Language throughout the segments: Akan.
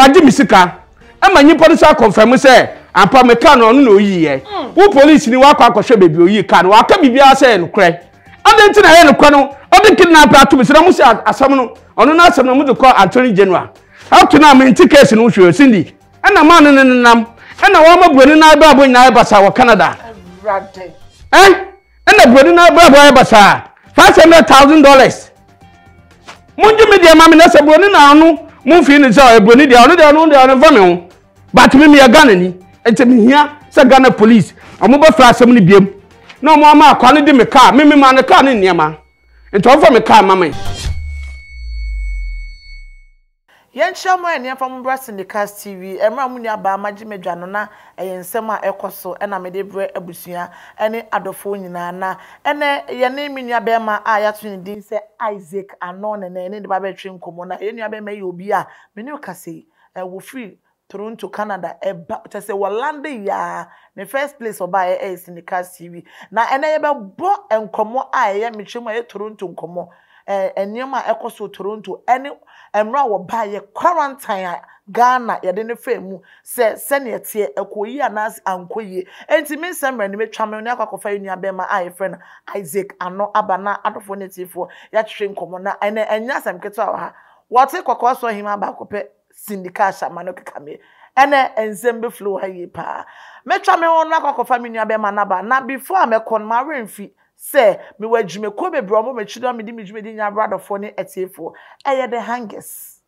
wagye mi sika ama nyimpa no so akɔnfam sɛ ampa me kaa no ɔno na oyi yɛ hmm. wo polisi ni wakɔ akɔhwɛ baabi oyi kaa no waka biribiara sɛ yɛ nokorɛ ɔde nti na ɛyɛ nokorɛ no ɔde kidnap ato mi sɛ mo sɛ asɛm no ɔno no asɛm no mo de kɔ attorney general ato no a menti case no hwɛ sindi ɛna maa no ne nenam ɛna wɔn ama buroni na ɛbɛ abo nyinaa ɛbasa wɔ canada ɛn ɛna buroni na ɛbɛ abo ɛbasa five hundred thousand dollars mo n gye mi deɛ ma mi na sɛ buroni na ano mu fi ne sɛ ebroni deɛ ɔno deɛ ɔno deɛ ɔno nfa mi ho baatu mi mi yɛ ghana ni nti e mi hia sɛ ghana police ɔmo bɛ fira asɛm ni biem na ɔmo ama akwa ne de mi kaa mi mi ma ne kaa ne nneɛma nti e ɔmo fa mi kaa ma mi. yɛnkyerɛ mu a yɛmfa mo bra syndicast tv mmerɛ mu madwa no na ɛyɛ nsɛm a ɛkɔ so ɛna mede berɛ abusua nyinaa na ɛnɛ yɛne a yɛato ne din sɛ isaac anɔ nenɛ ne bɛtwe na yɛ nuabɛrima yɛ obi a kasa yi toronto canada ɛba sɛ yaa ne first place ɔbaa yɛ ɛyɛ tv na ɛnɛ nneɛma a ɛkɔ so toronto ne mmerɛ a yɛ quarantine a yɛde ne fɛ sɛ sɛneɛ teɛ ɛkɔ yie anaasɛ ankɔ yie me nsɛm mmerɛ me ne a yɛfrɛ no isaac ano aba na adɔfoɔ ne tiefoɔ yɛatwehwɛ nkɔmmɔ na ɛnɛ ɛnyɛ asɛm ketewa wɔ ha wɔte kɔkɔɔ sɔ hema baako pɛ sindika ahyɛma no keka me ɛnɛ nsɛm bɛfiri ha yie paa mɛtwa Say, me mewɔ adwumakuo bebree ɔmo m'akyi dɔm mede me me nya abradɔfoɔ ne atiefoɔ ɛyɛ the hangers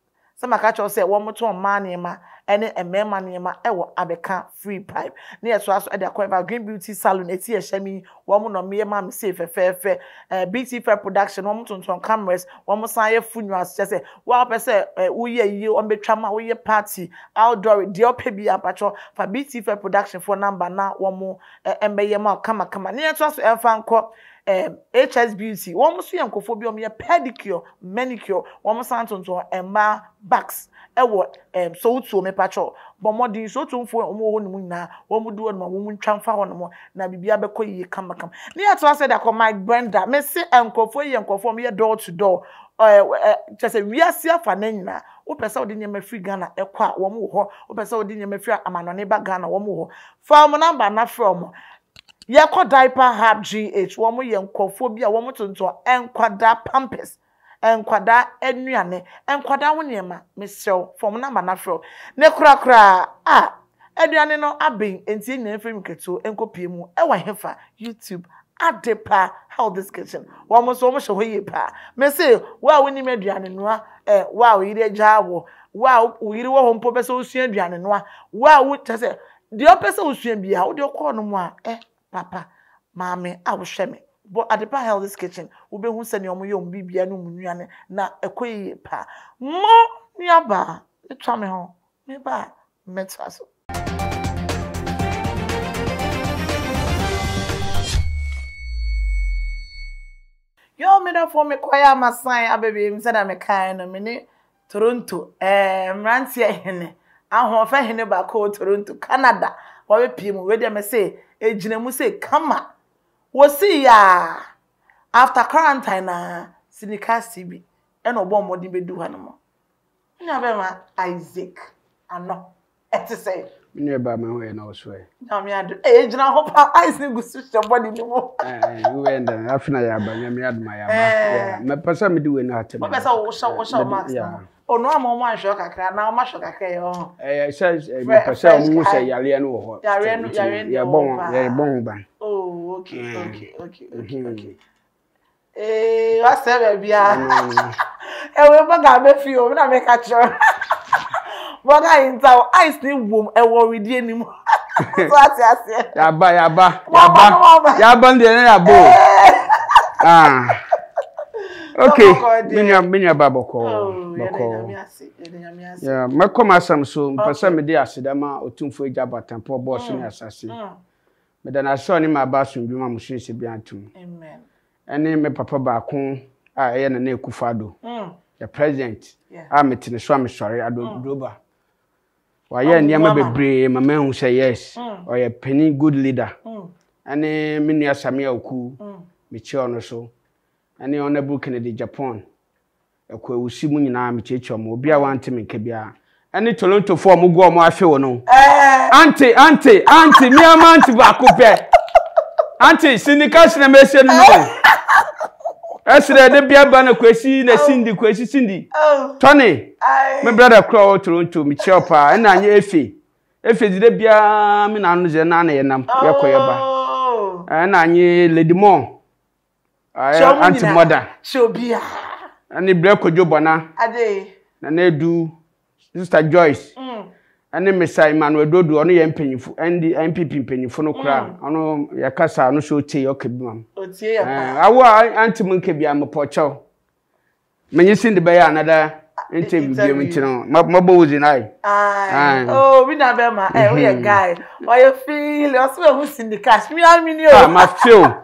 Some sɛ maka kyerɛw sɛ wɔmotɔn mmaa nneɛma ɛne mmarima nneɛma ɛwɔ abɛka free pipe ne yɛ so aso ɛde akɔ green beauty salon eti ɛhyɛ mi wɔn nɔ mmarima mi se fair, fair. beauty fair production One to some cameras One more san yɛ Just say sɛ wɔn apɛ sɛ ɛɛ woyɛ on wɔn trauma. We woyɛ party outdoor deɛ ɔpɛ bi apatsɔ for beauty fair production number fo namba na wɔn ɛɛ mbɛyɛ ma kamakama come. yɛ so aso ɛfa nkɔ HSBC, hs beauty wɔn nso yɛ nkɔfoɔ bi wɔn yɛ pedicure manicure wọ́n san tontɔn mmaa eh, bags ɛwɔ um, sowutuo mepatwɔ bɔn mɔden wɔn wɔ nyinaa wɔn nom a wɔn ntwa na biribi abɛkɔ yie kamakam ne yɛtɔ asɛ mike brenda mesi yɛ wɔn yɛ to ɛɛ kyerɛ sɛ wiase afa ne nyinaa wopɛ sɛ na yɛkɔ diaper hub gh wɔn yɛ nkɔfoɔ bi a wɔn tontɔn nkwadaa pampers nkwadaa nnuane nkwadaa ho nneɛma mesrɛw fam na ma na frɛw ne korakora a aduane no abɛn nti nyinaa mfiri mu ketewa nkɔpie mu ɛwɔ hefa youtube ade paa how this kitchen wɔn nso wɔn hyɛ hɔ yie paa mese wo a wonim aduane noa ɛ wo a oyiri agya wɔ wo a oyiri wɔ hɔ mpo pɛ sɛ osua aduane noa wo a wo kyɛ sɛ deɛ ɔpɛ sɛ osua bia wo deɛ ɔkɔɔ no mu a ɛ. papa maame a wohwɛ me bɔ adepa healthy kitchen wobɛhu sɛnea ɔmo yɛ ɔmo bibia no mu nnuane na ɛkɔ yie paa mo nuabaa etwa me ho me ba mɛtoa so. yoo medafo me kɔyɛ amasan abɛbɛm sɛ na me no me toronto ɛɛ eh, mmeranteɛ hene ahoɔfɛ hene baako toronto canada wɔbɛpie mu wei deɛ me se. egyina mu sɛ kama wosi ya after quarantine na sinika si bi ɛna ɔbɔ ɔmɔden bɛdu hɔ nom nya ma isaac ano ɛte sɛ. mi ni ɛbaa mi na ɔsɔ yɛ. nyame adu ɛyɛ gyina hɔ pa ice ne gu so hyɛ bɔdi ne mu. ɛɛ wɛn dɛ afina yaba nyame aduma yaba mɛ pɛsɛ mi di wɛ na atɛmɛ. ɔno oh, ama ɔmo ahyɛ na ɔmo ahyɛ kakra yɛ ɔho. ɛɛ sɛ mepɛ sɛ ɔmo sɛ yareɛ no wɔ hɔ yareɛ no yareɛ no ban. ee wasɛ baabi a ɛwɔ o mi na mi ka kyerɛ bɔga yi nta o ice ni wom ɛwɔ ridie ni mu so ati aseɛ. yaba yaba yaba yaba ne yabo. Eh. Ah. okay menya menya ba bɔkɔ bɔkɔ yeah mɛkɔ masam so mpɛsɛ mede aseda ma otumfo agya batampo bɔɔ so ne mm, asase mm. meda na asɛ ne maaba asomdwuma mo so ɛsɛ bi atom ɛne me papa baako a ɛyɛ nana ɛkufa do yɛ mm. president a mete ne so a mesɔre adodroba wayɛ nneɛma bebree ma mahu sɛ yes ɔyɛ panin good leader ɛne me nua samia oku mekyɛ ɔno so ne honorable kennedy japan ɛkɔ ewusi mu nyinaa mekyekye ɔmo obi a wante me nka biara ɛne tolotofo a ɔmo gu ɔmo afe wɔ no eh. ante ante ante mmeama ante baako pɛ ante sinika sinama esie no no ɛsrɛ de bia ba na kwesi na sindi kwesi sindi oh. tɔni me brada kura ɔwɔ toronto mekyerɛ paa ɛna anyɛ efe efe di de bia me na ano zɛ na ano yɛ nam yɛkɔ yɛ ba oh. ɛna anyɛ ladimɔɔ anti mother so bia ani black kojo bona ade na na edu sister joyce mm ani mr emmanuel dodo ono ye mpanyifo ndi npp mpanyifo no kra mm. ono ya kasa no so tie okabi mam otie ya pa eh, anti munke bia mpo chaw menyi sin de be ya anada interview bi Ma tino mabo wuzi nai ai oh mi na be ma eh we hmm. guy o ye feel o so hu sin the cash mi am ni o ma feel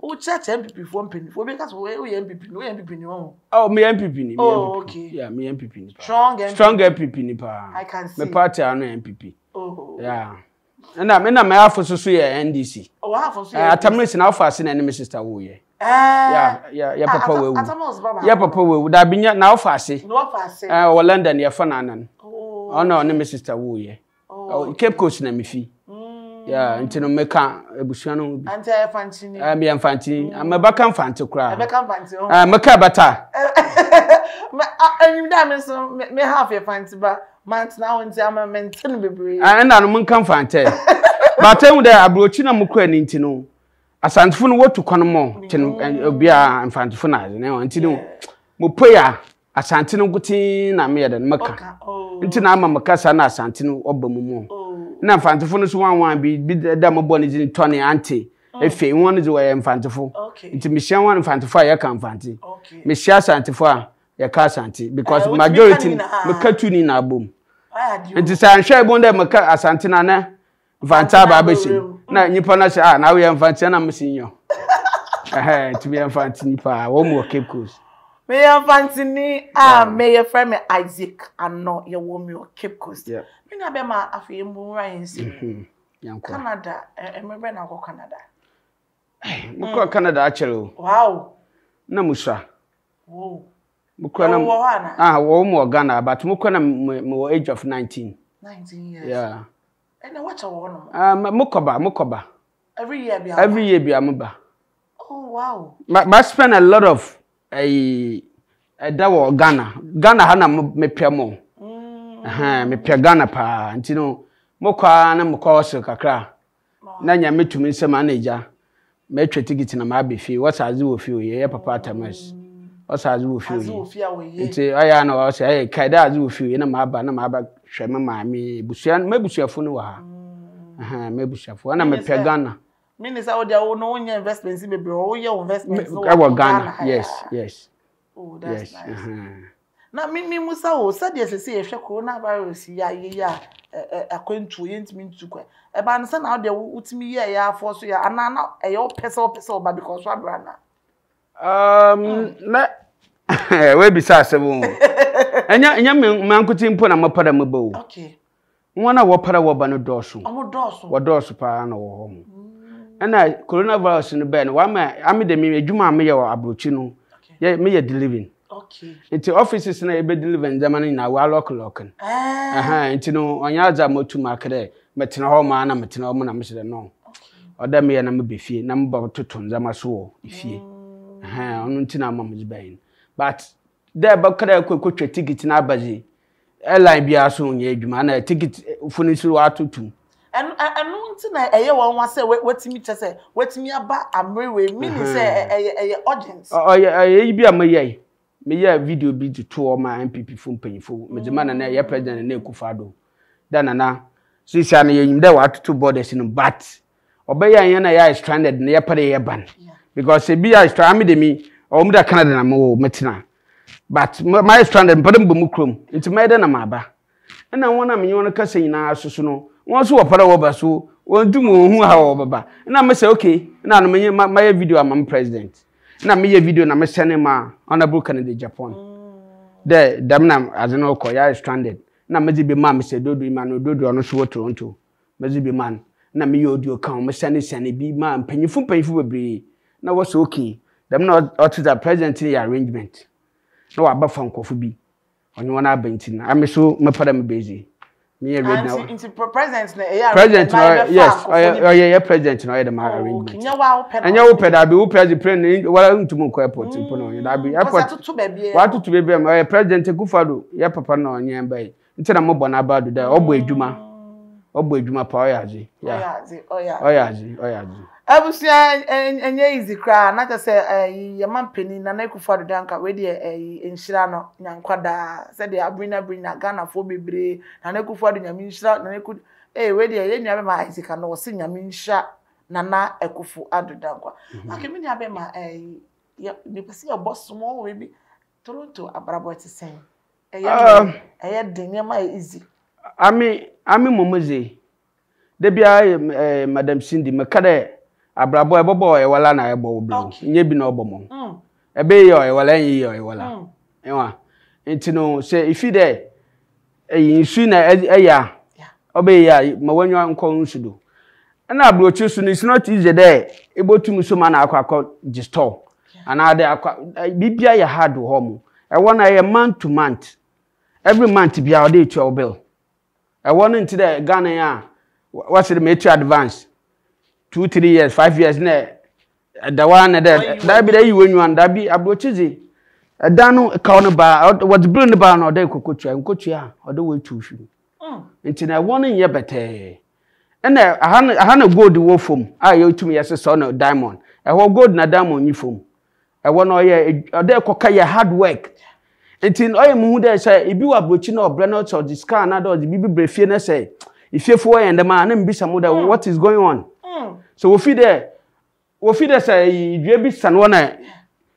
wokyerɛkyerɛ npp foɔ mpanimfoɔ obi ka sɛ woyɛ npp ni woyɛ npp ni wɔn o. ɔ meyɛ npp ni meyɛ npp oh, okay yeah meyɛ npp ni paa strong npp ni paa i can see me party ano yɛ npp oh. yeah ɛna me na me afo soso yɛ ndc ɔwɔ afo so yɛ ndc atam ne sin afo ase na ɛne me sista wo eh. yɛ. yɛ papa wo ewu yɛ papa wo ewu dabi nya na afo ase ɛɛ eh, wɔ london yɛ fɔ na anan oh. ɔna ɔne me sista wo yɛ cape coast na me fi ya nti no meka abusua no bi ante mfanti ni am ya mfanti am ba ka mfanti kra am ho ah eh, meka bata ma anyim da me so me half ya fanti ba mant na won ti am mente no bebre ah na no meka mfante ba ta hu da abrochi na mukra ni nti no asantefo no wotu kwan mo ti no mm. eh, obia mfantefo na ne nti no mo poya asante no gutin na me ya da meka oh. nti na ama meka sa na asante no oba mu mu na mfantefo no so wanwan bi bi da mɔbɔ ne dzin tɔne ante efe oh. wɔn no dze wɔyɛ mfantefo nti mehyia wɔn mfantefo a yɛka mfante mehyia asantefo a yɛka asante because eh, majority meka tu ni na abom nti sɛ anhwɛ ebom dɛ meka asante na nɛ mfante aba abɛhyɛ na nipa no sɛ a ah, na woyɛ mfante na mesi nyɔ ɛhɛ nti meyɛ mfante nipa a wɔn mu wɔ cape coast Me Mayor Fantini, ah, me um, friend me Isaac, ano not your woman or Cape Coast. Yeah. Bring a bema afi you move right Canada, and remember now go Canada. Eh, mukwa mm. Canada actually. Wow. Namusha. Whoa. Mukwa na mwana. Ah, wo mu Ghana, but mukwa na mu age of nineteen. Nineteen years. Yeah. And what a one? Ah, mukoba, mukoba. Every year be. Every year be amuba. Oh wow. But, but spend a lot of ɛyi ɛda wɔ ghana ghana ha na mepɛ mo mepɛ ghana paa nti no mokɔa na mokɔ so kakra na nyame tumi nsɛm ana gya matwa tikiti na maabɛ fie wɔsaadze wɔ fie yɛyɛ papa tamas ɔsaadze wɔ fie nti ɔyɛ na ɔsɛ ɛyɛ kae dɛ adze wɔ fie na maaba na maaba hwɛ me maame busua mabusuafo no wɔ ha mabusuafo mm. ɛna mepɛ ghana minisa wo deɛ no wonyɛ investment bebree woyɛ wo investment no wɔ ghana yes yes oh that's yes. nice uh mhm. -huh. na mímí musa wo sɛdeɛ sɛsɛ yɛhwɛ coronavirus yi a yɛyɛ a akwantuo yɛntumi ntu kwan ɛba no sɛ na wodeɛ wotumi yɛ ɛyɛ afoɔ so yɛ anaa na ɛyɛ wopɛ sɛ wopɛ sɛ woba because woabra na um na wɔabisa asɛm o ɛnyɛ ɛnyɛ mankote mpo na mɔpɛda mɛba o wɔn a wɔpɛda wɔba no dɔɔso wɔdɔɔso paa na wɔ hɔ mo ɛna coronavirus no bɛɛ wa wama ame de mi adwuma a meyɛ wɔ aburokyi no yɛ meyɛ delivering nti offices na yɛbɛ deliver ndzɛma no nyinaa wa lɔk no ah. nti no ɔnyɛ adze a motum aka dɛ metena hɔ maa na metena hɔ mu na mehyɛ dɛ no ɔdɛ meyɛ na mebɛ fie na mebɔ toto ndzɛma so wɔ efie mm. ɔno nti na ama megye bɛn but dɛ bɛka dɛ kɔkɔtwa ticket no aba dze airline biara so nyɛ adwuma na ticket fo eh, no so wɔatotom ɛnu ɛnu nti na ɛyɛ wɔn wa sɛ wɔtumi kyɛ sɛ wɔtumi aba amerewe mini sɛ ɛyɛ ɛyɛ urgent. ɔyɛ ɛyɛ yi bi a meyɛ yi meyɛ video bi de to ɔma npp fo mpanyinfo mede ma nana ɛyɛ president nana ekufa do da nana sisi ano yɛ enyim dɛ watoto borders no but ɔbɛyɛ anyɛ na yɛ stranded na yɛpɛ de yɛ ban because ebi yɛ stranded ami de mi ɔmo da canada na mo wɔ mo tena but maa yɛ stranded mpa de mo bɔ mo kurom nti maa yɛ dɛ na maa ba ɛna wɔn a menye wɔn kasa nyinaa soso no wọn nso wɔ pɛrɛ wɔ ba so wɔn ntum wɔn ho ha wɔ baba na mɛ sɛ okay na anam nye ma ma video ama president na mɛ yɛ video na mɛ sɛ ne ma honourable kennedy japan dɛ dɛm na adze no kɔ yɛ stranded na mɛ dze bi ma mɛ sɛ dodo yi ma no dodo ɔno so wɔ toronto mɛ dze bi ma no na mɛ yɛ audio kan mɛ sɛ ne sɛ ne bi ma mpanyinfo mpanyinfo bebree na wɔ sɛ okay dɛm na ɔte dɛ president yɛ arrangement na wɔ aba fa nkɔfo bi ɔnye wɔn aba nti na ame so mɛ pɛrɛ mɛ bɛ zi me a oh, red eh, now. Mm, eh. eh, president, present na eya. Present na yes, oye ye present na oye the marriage arrangement. Nya wa opɛ. Anya opɛ da bi wo president ni wala ntumu ko airport mpo na oye da bi airport. What tutu baabi. Wa tutu baabi ma oye president Akufo-Addo papa No, onye mba yi. Nti na mo bɔ na ba do da ɔbɔ edwuma. Ɔbɔ edwuma pa oye aje. Oye aje, oye aje. Oye aje, abusua enye easy koraa na kyerɛ sɛ ɛyi eh, yɛma mpanyin na n'akufo adodo anka wei deɛ ɛyi eh, nhyira no nyankwa daa sɛdeɛ abirinabrina ghanafoɔ bebree na n'akufo ado nyame nhyira na n'aku ee wei deɛ yɛn nua bɛma no wɔsi nyame nhyira nana eh, akufo adodo anka mhm. akemi nua bɛma ɛyi yɛ nipa si yɛbɔ small wei bi toronto abrabɔ ti sɛn ɛyɛ ɛyɛ ah. den nneɛma yɛ easy. ami ami mɔmɔ ze debi a ɛɛ madam cindy mɛka dɛ. abrabọ ebobo ẹwala na ẹbọ obìnrin nye bi na ọbọ mọ mm. ebe ẹbẹ yẹ ẹwala ẹyin yẹ ẹwala ẹwa mm. nti no ifi na ẹyẹ a ọbẹ yẹ ma wọn nyɛ nkɔ nsu do it's not easy so ma na akɔ akɔ gye store yeah. anaa dɛ akɔ hard mo every month bia a advance. two three years five years na ɛdawa na dɛ daa bi dɛ yi wɔn nyuan daa bi aburokyi dze ɛdan no kaw no baa wɔdze blu no baa na ɔdɛ nkokotua nkotua ɔdɛ wɔ etu fi oh. nti na ɛwɔ no nyɛ bɛtɛɛ ɛna aha na aha na gold wɔ fam a yɛtum yɛ sesɔ na diamond ɛwɔ gold na diamond yi fam ɛwɔ na ɔyɛ ɔdɛ kɔka yɛ hard work nti ɔyɛ mu hu dɛ sɛ ebi wɔ aburokyi na ɔbrɛ na ɔsɛ ɔdze sika anadɔ ɔdze bi bi brɛ fie na sɛ efiefoɔ yɛn dɛm a ne mbisa mu dɛ hmm. what is going on. Hmm. so wofi dɛ wofi dɛ sɛ dua bi sane hɔ na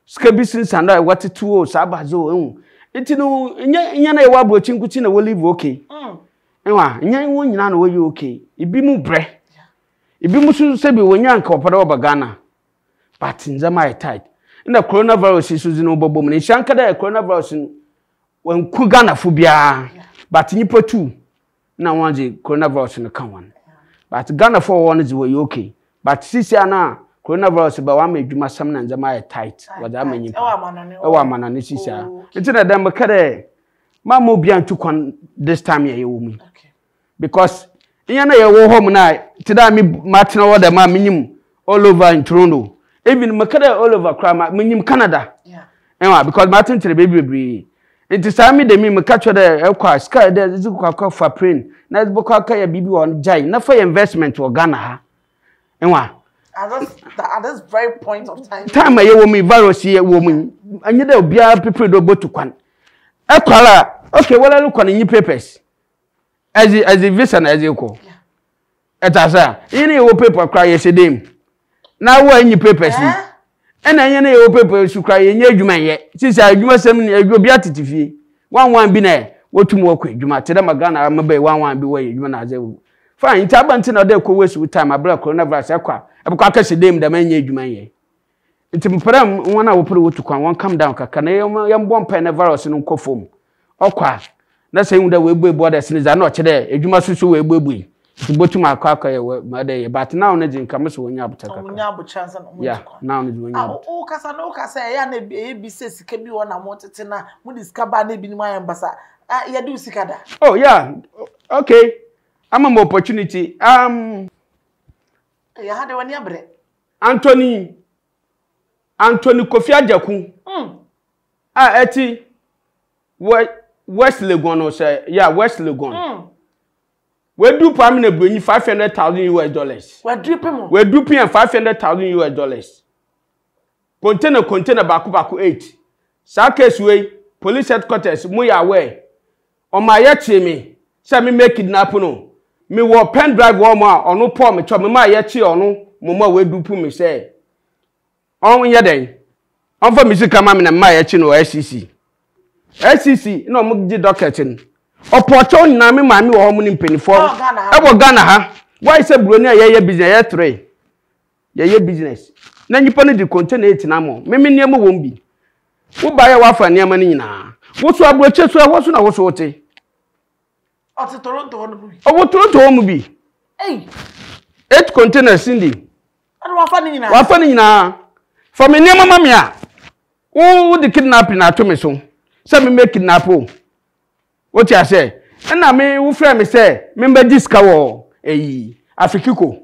sika bi sin sane hɔ a wɔte tuo o saa baadze o ehu nti no nye nye na ɛwɔ aburokyi nkuti na wɔli bu oke hmm. ɛwa nye wɔn nyinaa na wɔyɛ oke ebi mu brɛ ebi mu nso sɛbi wɔnyɛ anka ɔpɛ dɛ ɔba ghana but ndzɛmba ayɛ tight na coronavirus nso di na ɔbɛbɔ mu na ehyia nka dɛ coronavirus no wɔn ku ghana fo biara but nipa tu na wɔn adze coronavirus no ka wɔn but Ghana wɔ no dze wɔyɛ okay but sisia no a coronavirus ba wama adwuma sam na ndzɛma ayɛ tight wɔdze ama nyimpa ɛwɔ amanane oh. sisia oh. nti na dɛm ka dɛ ma ma obia ntu kwan this time yɛ yɛwɔ mu yi because nyɛ no yɛwɔ hɔ mu no a te dɛ a me matena hɔ dɛm a menyim all over in Toronto. even meka dɛ all over koraa ma menyim canada ɛwa because matentere bebree bebree nti saa mi dɛm yi mi ka kyerɛ dɛ ɛkɔ a sika dɛ ɛdze kɔ akɔ fa plane na ɛdze bɔkɔ aka yɛ biribi wɔ gyae na fa yɛ investment wɔ ghana ha ɛnwa. at ah, this at ah, this very point of time. time a yɛ wɔ mu yi virus yɛ wɔ mu yi anyi dɛ obiara pepere dɛ ɔbɛtu kwan ɛkɔla okay wɔlɛ no kɔ ne nyi papers ɛdze ɛdze visa na ɛdze kɔ ɛta sa yi ne yɛ wɔ paper kora yɛ hyɛ dɛm na wɔ nyi papers yi. Yeah? ɛna ɛnyɛ ne yɛ opepe sukura yɛ nyɛ adwuma yɛ sisi adwuma sɛm ne adwuma bi atete fie wan wan bi na yɛ wotum wɔkɔ adwuma te dɛ ma ghana ama bɛyɛ wan wan bi wɔyɛ adwuma na adze wo fine nti abante na ɔdɛ kɔ waste wo time abira coronavirus ɛkɔ a ɛbɛkɔ akɛse dɛm dɛm ɛnyɛ adwuma yɛ nti mpɛrɛ wɔn a wɔpere wotu kwan wɔn calm down kaka na yɛn bɔ mpɛn na virus no nkɔ fam ɔkɔ a na sɛ ihu dɛ wɔebuebua dɛ sinidza na ɔkyerɛ adwuma soso wɔebuebue tubotuma akɔ akɔyɛ wɔ mɛdɛ yɛ but now ne jinka mo sɛ wɔnya abota kakra wɔnya abota nsa na wɔnya kɔ now ne wɔnya ah, abota o kasa na o kasa ɛyɛ na ebi sɛ sika bi wɔ na mo tete na mo de sika ba na ebi ni mo ayɛ mbasa ah yɛ de o sika da. oh yeah okay ama mo opportunity um. ɛyɛ ha de wɔn ni abirɛ. anthony anthony kofi ajaku. Mm. a ah, ɛti west legon no sɛ yeah west legon. Mm. We wadu pam na bronyi 500000 US dollars We wadu pam wadu pam 500000 US dollars container container baako baako 8 saa case we police headquarters mu we aware ɔmo ayɛ kye me sɛ me make kidnap no me wo pen drive wo ma a ɔno pɔ me twɛ me ma ayɛ kye ɔno mo ma wadu pu me sɛ ɔn yɛ dɛn ɔnfa me sika ma me na me ma ayɛ kye no wɔ SCC e no e na ɔmo gye docket ọpọchọ nyina oh, me maame wɔ hɔ ne ɛwɔ ghana ha wayi sɛ buroni a yɛyɛ business yɛ yɛyɛ business na nnipa no de container ɛtina mɔ meme nneɛma wɔm bi wobaeɛ woafa nneɛma no nyinaa woso aburokye so ɛhɔ so na woso wote ɔte toronto no bi ɔwɔ toronto mu bi eight wafa nyinaa nneɛma a wo de kidnapping ato me so sɛ me make kidnap o. Oh. wote ase ɛna me wofrɛ me sɛ membɛgye sika wɔ ɛyi afikiko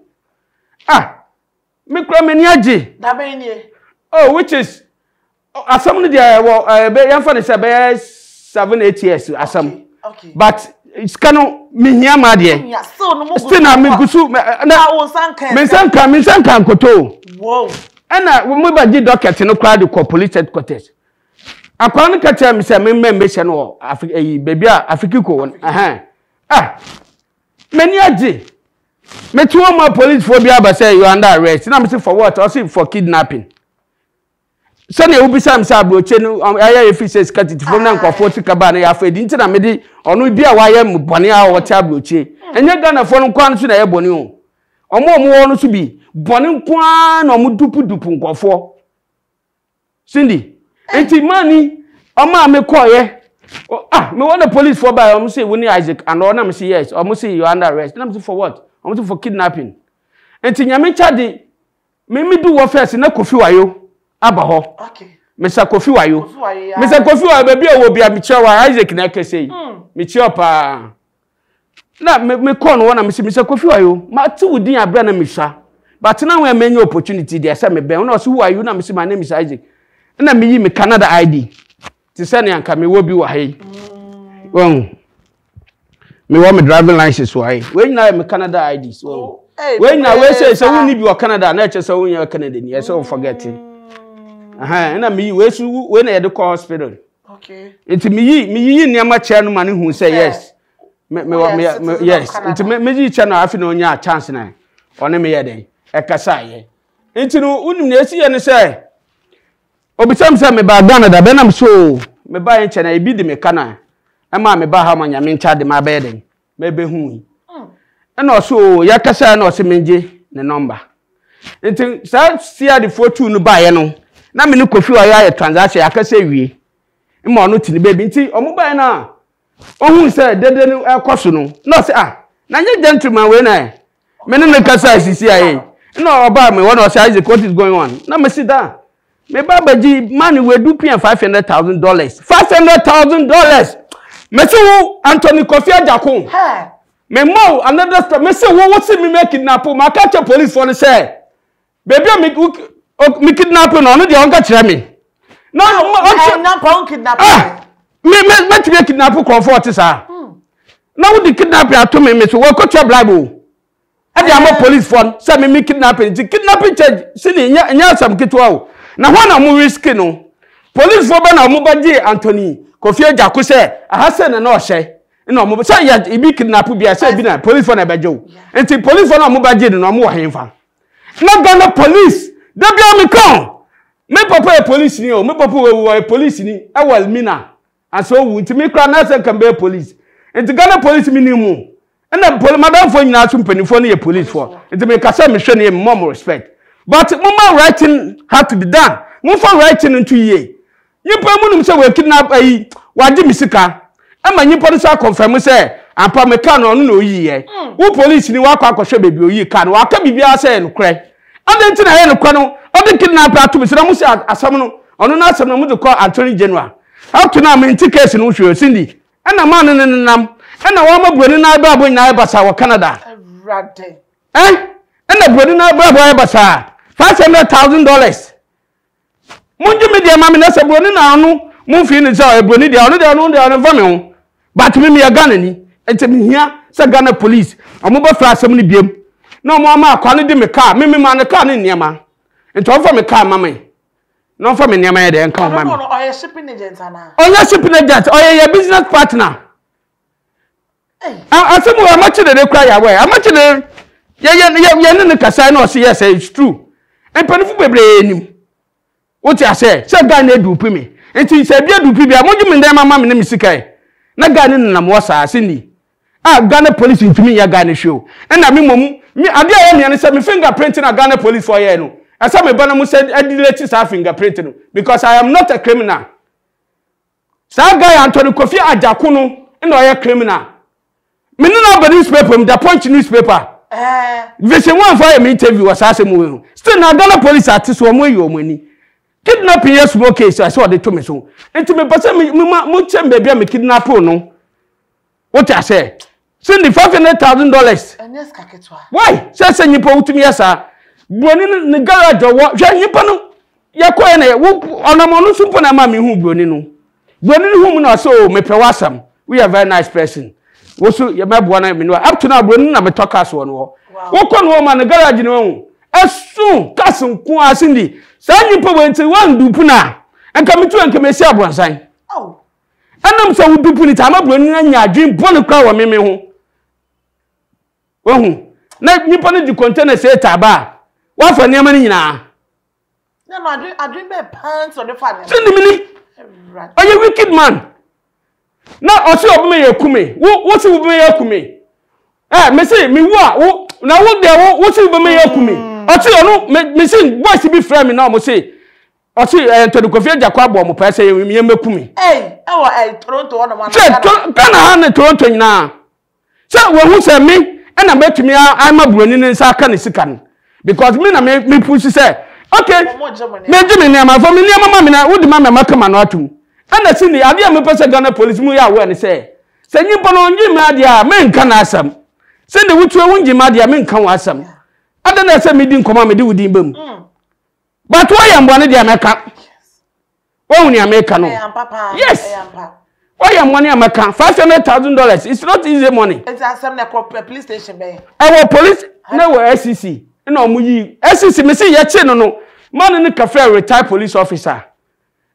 ah me kura m'ani agye dabɛn nie oh which is asɛm oh, no deɛ eh, wɔ ɛbɛ eh, yɛmfa no sɛ bɛyɛ seven eight years asɛm but sika no mehia ma deɛ still na megusu mensanka mensanka nkoto ɛna mobagye dɔkɛt no koraa de kɔ police headquarters akwaa no ka kyerɛ me sɛ memmɛ mmɛhyɛ no wɔ ayi eh, baabi a afiki kɔ wɔn ɛhɛn ah, ah. m'ani agye mete wɔn mu a polisifoɔ bi aba sɛ under arrest na mese for what ɔsi for kidnapping sɛnea wobisa me sɛ aburokye um, no ɛyɛ yɛ fi sɛ sika titifoɔ na nkɔfoɔ ah. sika baa no yɛafa edi nti na mede ɔno bi a wayɛ mu bɔne a wɔte aburokye ɛnyɛ ghanafoɔ no nkoa so na ɛyɛ bɔne o ɔmo a ɔmo wɔ no so bi bɔne nkoa na ɔmo dupudupu nkɔfoɔ cindy nti maa ni ọmọ mi kọ ah mi wọ́n the police fọ báyìí ọmọ sẹ wọ́n Isaac and ọ̀nà mi yes ọmọ sẹ you under arrest ọmọ sẹ for what ọmọ sẹ for kidnapping nti nyame kyade mi mi du wọ fẹsẹ na Kofi Wayo aba hɔ mesa Kofi Wayo mesa Kofi Wayo baabi a wɔ bia mi kyerɛ wa Isaac na kɛse yi hmm. mi kyerɛ paa na me kɔ no wɔn na mi si mesa Kofi Wayo ma ti wo din abira na mi sa but na wɔn a menya opportunity deɛ sɛ mi bɛn wɔn na ɔsi who are you na mi sɛ my name is Isaac na meyi me canada id te sɛ ne anka mewɔ bi wɔ ha yi mewɔ me driving license wɔ ha yi wei nyinaa yɛ me canada ID, wahu oh, wei nyinaa wei sɛ sɛ wonni bi wɔ canada na ɛkyɛ sɛ wonyɛ canada ni ɛsɛ wɔfɔgɛte mm. ɛna meyi wei so wei na yɛde kɔ hospital nti meyi meyiyi nneɛma kyerɛ no ma ne hu sɛ yes mewɔ me yes nti meyi kyɛ no afei na onyaa chance na ɔne meyɛ dɛn ɛkasaeɛ nti no wonim na ɛsi yɛ ne sɛ obisam sɛ meba ghana da bɛnam so meba yɛ nkyɛn na ebi de me kana ɛma meba ha ma nyame nkya de ma bɛyɛ den mɛbɛhu yi ɛna ɔso yɛkasa na ɔsɛ mengye ne nɔmba nti saa siadifoɔ tuu no baeɛ no na me ne kofi ɔyɛ ayɛ transaction yɛakasa wie ma ɔno te ne baabi nti ɔmo baeɛ no a ɔhu sɛ dede no ɛkɔ eh, so no na ɔsɛ ah na nyɛ gentleman wei na me ne ne kasa asisi ayɛ na ɔbaa me wɔ na ɔsɛ isaac what is going on na mesi daa me baba ji money we do pay five hundred thousand dollars five hundred thousand dollars me say wo Anthony Kofi Ajakun me mo another story me say wo what see me make kidnap ma catch police for say baby me me kidnap no no dey on catch me no no on na pon kidnap ah, me me me to kidnap ko for te sa hmm. na wo di kidnap ya to me me so wo ko twa bible e dey police for say me me kidnapping kidnapping charge see ni nya nya sam kitwa o na hɔ na mo riski no polisifoɔ bɛ na ɔmo bɛgye antoni kofi agya ko sɛ aha na na ɔhyɛ na ɔmo sɛ yɛ ibi kidnap bi a sɛ bi na polisifoɔ na ɛbɛgye o nti polisifoɔ na ɔmo bɛgye no na ɔmo wɔ henfa na ghana police debi ɔmo kan me papa yɛ polisi ni o me papa wɔ polisi ni ɛwɔ elmina asɛ owu nti me kura n'asɛ nkan bɛyɛ polisi nti ghana polisi mi ni mu ɛna madamfoɔ nyinaa so mpanimfoɔ no yɛ polisifoɔ nti me kasa mi hwɛ ne yɛ mi respect but Mumma writing had to be done mofa writing nto yie nyimpa mu nim sɛ wɔakidnap ayi wagye me sika ama nyimpa no sɛ Confirm sɛ ampa me ka no ɔno na oyiiɛ mm. wo polisi ni wakɔ akɔhwɛ baabi oyii ka no waka biribiara sɛ yɛ nokorɛ adɛn nti na ɛyɛ nokorɛ no ɔde kidnap ato me sɛ na mo sɛ asɛm no ɔno no asɛm no mode kɔ attorney general ato no a mente case no hwɛ sindi ɛna ma no ne nenam ɛna wɔma buroni no abrabɔ nyinaa ɛbasa wɔ canada Eh. ɛn ɛna buroni no abrabɔ ɛbasaa five hundred thousand dollars munju mi deɛ maame na sɛ buroni na ano mu fi ne sɛ ɔyɛ di deɛ di deɛ di deɛ ɔno fa mi ho but mi mi yɛ ghana ni nti mi hia sɛ ghana police ɔmo bɛ fila asɛm ni biem na ɔmo ama akwa ni di mi kaa mi mi ma ne kaa ni nneɛma nti ɔfa mi kaa ma mi na ɔfa mi nneɛma yɛ deɛ nka ɔma mi. ɔyɛ shipping agent ana. ɔyɛ shipping agent ɔyɛ yɛ business partner. asɛm wɔ amakye de de kura yawɛ amakye de yɛ yɛ yɛ ne ne kasa na ɔsi yɛ it's true mpanimfo bebree nim wote asɛ sɛ gaa na edupi mi nti sɛ ebi edupi bi a mo gyimi ndɛn mama mi ne mi sika yi na gaa ne nenam wɔ saase ni a ghana police ntumi nyɛ ghana hwɛ o ɛna mi mom mi adeɛ a yɛ mìíràn sɛ mi finger print na ghana polisi ɔyɛ no ɛsɛ mi ba na mo sɛ ɛdi lɛti saa finger print no because i am not a criminal saa gaa yɛ antoni kofi ajako no ɛna ɔyɛ criminal mi nina abɛ newspaper mu da punch newspaper. Eh. vese wọn fa yẹ mi interview wọ saa asẹmu wẹrun still na ghana police ati so ọmọ eyi ọmọ ani kidnapping yẹ small case ase ọdẹ tó mi so nti mi pẹsẹ mi mi ma mo kyẹn beebi a mi kidnap o no o ti ase sindi five hundred thousand dollars. ẹni ẹsẹ kaketewa. why sẹsẹ nyimpa o tumi yẹ saa buroni ni garage ọwọ hwẹ nyimpa no yẹ kọ yẹ na yẹ wo ọnam ọno so na ma mi hu buroni no buroni no hu mu na ọsẹ o mepẹ wa we are very nice person wosu yɛbɛboa no mene up to no aburoni na metɔ cars wɔ no hɔ wokɔ no hɔ ma no garage no ahu ɛso cars nko ase ndi saa nnipa wɔnti wandupu no a nka metu nka mɛsi aboansan ɛnam sɛ wodupu no taa maburoni no anya adwen bɔne kora wɔ meme ho wahu na nnipa no di container sɛ taaba a wafa nneɛma no nyinaa sɛndemini ɔyɛ wicked man na ɔsi ɔbɛmɛ yɛ kume wo wosi ɔbɛmɛ yɛ kume ɛ mi a wo na wo deɛ wo wosi ɔbɛmɛ yɛ kume ɔsi ɔno me mesi voice bi fira mi na ɔmo se ɔsi ɛ ntɔdukɔfi ɛgyakɔ abɔ ɔmo pɛɛ sɛ yɛ mɛ kume. ɛyi ɛwɔ ɛ toronto hɔ nom ana. sɛ to ghana ha ne toronto nyinaa sɛ sɛ mi ɛna ama buroni ne nsa aka ne sika no because mi na mi mi pusi sɛ okay mɛgye mi nneɛma fɔ mi nneɛma ma mi na wo di ma mɛ ma kama na atum. ɛna si ni adeɛ mepɛ sɛ ghana polisi mu yɛ awɔ ne sɛ sɛ nyimpa no ɔngye mma adeɛ a menka n'asɛm sɛdeɛ wotua wo ngye mma adeɛ a menka w'asɛm ada na ɛsɛ medi nkɔmɔ a mede wo din ba mu mm. bato ɔyɛ mboa no deɛ mɛka wɔhu nea meka no yes wɔyɛ mmoa ne a mɛka five hundred thousand dollars it's not easy money. ɛti asɛm na ɛkɔ police station bɛyɛ. ɛwɔ police na ɛwɔ scc e ɛna ɔmo yi scc e mesi yɛkye no no maa no ne kafra retire police officer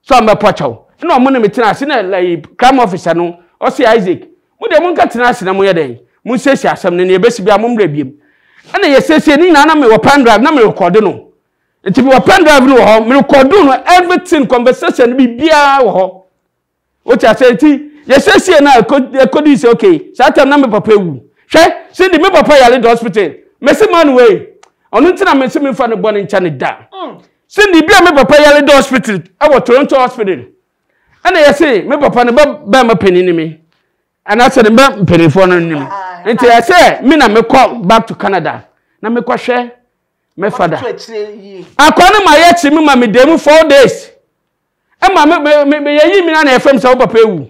so ɔmɛpɔ kyɛw na ɔmo ne me tena ase na like crime officer no ɔsi isaac mo deɛ mo nka tena ase na mo yɛ dɛ mo nsiesie asɛm no na ebesi bi a mo mmerɛ biem ɛna yɛsiesie ne nyinaa na mi wɔ pan drive na mi rekɔdo no nti mi wɔ pan drive no wɔ hɔ mi rekɔdo no everything conversation bi biara wɔ hɔ o ti ase ti yɛsiesie na ekodi sɛ okay saa tam na mi papa ewu hwɛ si di mi papa yare de hospital mesi man wei ɔno ntina mesi mi fa ne bɔ ne nkyɛn ne da mm. si di bi a mi papa yare de hospital ɛwɔ toronto hospital ɛna yɛ se me papa ne bɛ bɛrima panin ne mi anaasɛ ne bɛ mpanimfoɔ no ni mi ah, ah, nti yɛ sɛ mi na mekɔ back to canada na mekɔ hwɛ me fada akɔ ne ma yɛ kyi mi ma mi dɛm four days ɛma me me me yɛyi mi na na yɛ fɛm sɛ wo papa ewu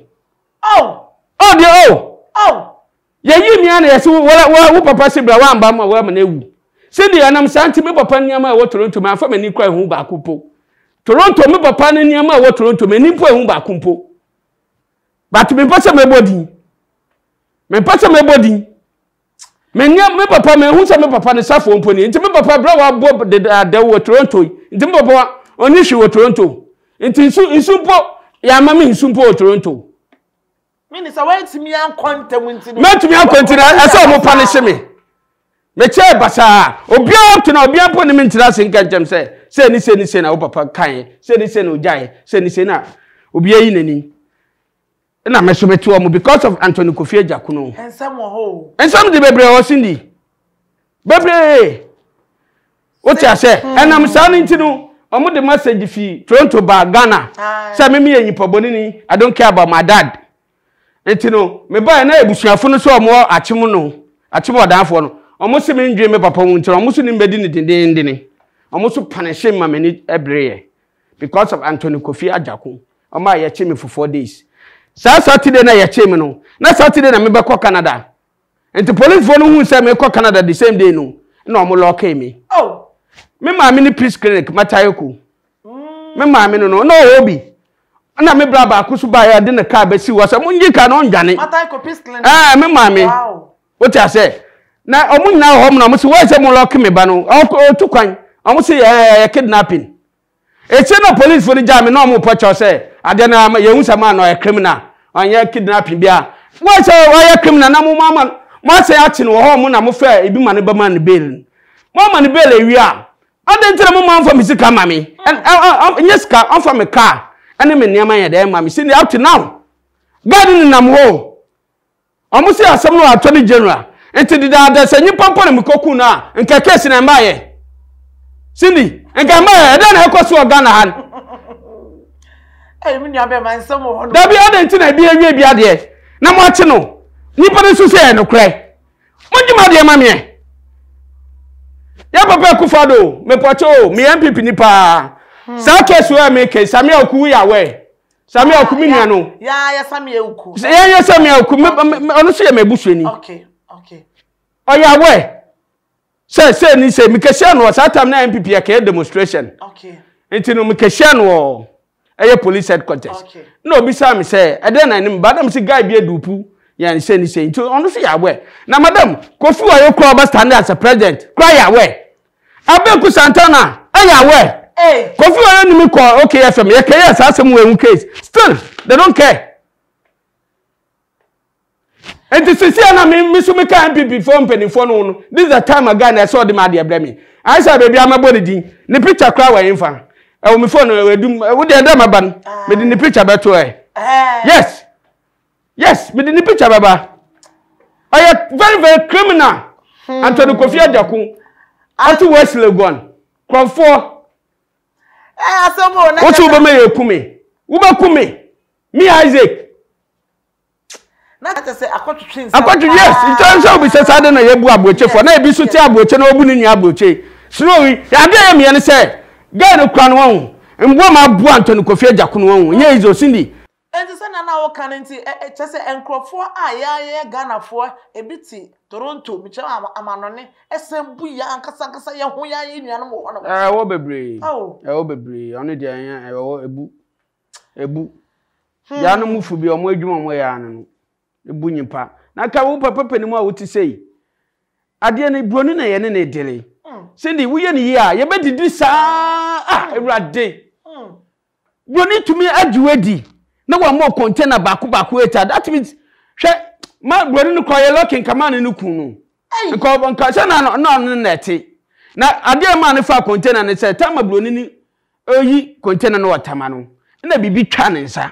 ɔ deɛ o yɛyi mi na na yɛ sɛ wɔ wo papa si bra wa amba ma wɔ ama na ewu sɛ deɛ ɛnam saa me papa nneɛma a ɛwɔ toronto ma afa ma ni kura ihu baako po toronto mu papa ne nneɛma a toronto mu enipo ehu baako mpo bati mi mpɛsɛ mi bɔ din mi mpɛsɛ mi bɔ din mi nyɛ mi papa mi ehu sɛ mi papa ne safo mpo ni nti mi papa bere wa bɔ dedaadɛw wɔ toronto yi nti mi papa oni hwi wɔ toronto nti nsu nsu mpo yamma mi nsu mpo wɔ toronto. minisa wɔn etumi akɔ ntɛm nti. mɛtumi akɔ nti na ɛsɛ ɔmo pa ne se mi mekyɛ basaa obiara to na obiara mpo ne mi ntena se nkɛntɛm sɛ sɛ ni sɛ ni sɛ na wo papa kan sɛ ni sɛ na ogyae sɛ ni sɛ na obi ayi n'ani ɛna mɛso bɛte wɔ mu because of anthony kofi agya kono nsɛm wɔ hɔ nsɛm de bebree wɔ sindi bebree wote asɛ ɛnam saa no nti no ɔmo de message fi toronto ba ghana sɛ mimi yɛ nyimpa bɔnini i don't care about my dad nti no mebaeɛ na abusuafo no sɛ ɔmo akyem no akyem ɔdanfoɔ no ɔmo se me ndwe me papa mu nti ɔmo so ne mbɛdi ne dendenden wɔn nso panahye mamani ɛbere yɛ because of anthony kofi ajako wɔn a yɛkye mi for four days saa saturday na yɛkye mi no na saturday na mi bɛkɔ canada nti polisifoɔ no hun sɛ mi kɔ canada the same day no na wɔn lɔɔke mi oh. mi maame ne peace clinic matayoko mi mm. maame no no na ɔwɔ bi na mi bra baako so baa yɛ de ne kaa bɛsi wɔ sɛ mo nyi ka na ɔndwane matayoko peace clinic ɛɛ ah, mi maame o ti a sɛ na ɔmo nyinaa wɔ hɔ mu na ɔmo sɛ wɔyɛ sɛ mo lɔɔke mi ba no ɔtu kwan. ɔmo ya ya kidnapping ekyir na polisi no jaa mi na ɔmo pɔkyɛw sɛ adeɛ na ya nsa maa na ɔyɛ criminal ɔnyɛ kidnapping bi a wɔn sɛ ɔyɛ criminal na mo mo ama no mo asɛ akyi no wɔ hɔ mo na mụ fɛ ebi ma ne bɛma ne bail no ama ne ewi a ɔde ntina mo ma mụ mi ka ma mi nye sika ɔnfa mi kaa ɛne mi nneɛma yɛ dɛ ma mi si ne up to gaadi ne nam hɔ ɔmo sɛ asɛm no atɔ ne general nti deda adasɛ nyimpa mpɔ ne mu kɔku no a nkɛkɛsi na mba yɛ. sini nka mma ɛdɛ na ɛkɔ ọgana ha no. ɛyɛ mu nua bɛɛ ma nsɛm wɔ hɔ. dabi ɔde nti na ebi ewie bi adeɛ na mo akyi no nipa no nso sɛ ɛyɛ ya mo dwuma adeɛ ma papa akufa do o mi npp ni paa saa kɛse wɛ mi kɛ sami ɔku yɛ awɛ sami ɔku mi nua no. ya sami ɔku. yɛn yɛ sami ɔku ya so yɛ mɛ busuani. ya awɛ. sɛ sɛ ni sɛ mekɛhyɛ no saa tam na npp yɛkɛyɛ demonstration nti no mekɛhyɛ no wɔ ɛyɛ police headquarters na obi saa me sɛ ɛdɛn na anim badam sɛ guy bi adupu yɛn sɛ ni sɛ nti ɔno so yɛ awɛ na madam kofi wɔ yɛ kura ɔba stand as a president kura yɛ awɛ abeku santana ɛyɛ e awɛ kofi wɔ yɛ nimu kɔ okay fm yɛkɛyɛ saa asɛm wɔ ehu case still they don't care. And sisi na mi mi so mi ka npp fo mpanimfoɔ no no this is the time a ghana ɛsɛ ɔde ma adeɛ brɛ mi ayisa beebi amabɔ ne din ne picture kora in yin I will be phone ɛwɔ We do, we did a no mi de the picture bɛto ɛ eh. yes yes mi de ne picture I am very very criminal to hmm. antoni kofi adako ah. ɔto west legon kurɔfoɔ eh, wotu wobɛma yɛ kumi wobɛkumi me isaac akɔtwitwi yes ah. nkyɛn sɛ obi sɛ saa de na yɛbu abrokyɛ fo na ebi nso te abrokyɛ na obu ne nua abrokyɛ sinowi yade yɛ mmiɛ no sɛ gaa ne kura ọ wɔn mbuo ma abu antoni kofi agya kono wɔn nyɛ izo sindi. nti sɛ e, nana e, wɔka no nti kyɛ sɛ nkurɔfoɔ a yɛayɛ ghanafoɔ ebi te toronto amanɔne bu ya ankasa ankasa ho ɛwɔ bebree ɛwɔ bebree deɛ ɛwɔ ebu ebu ɔmo bu nyimpa na ka wo papa panim a wote sei adeɛ no buroni na yɛne ne dele mm. sɛnde woyɛ ne yie a yɛbɛdidi saa a ah, mm. awurade mm. buroni tumi agye wadi na wɔmmɔ container baako baako ata that means hwɛ ma buroni no kɔ yɛ lɔkin kama ne no kun no nkɔ nkɔ sɛ na na ɔno na ɛte na adeɛ maa ne fa container ne sɛ tama buroni ni oyi container no wɔ tama no ɛna biribi twa ne nsa.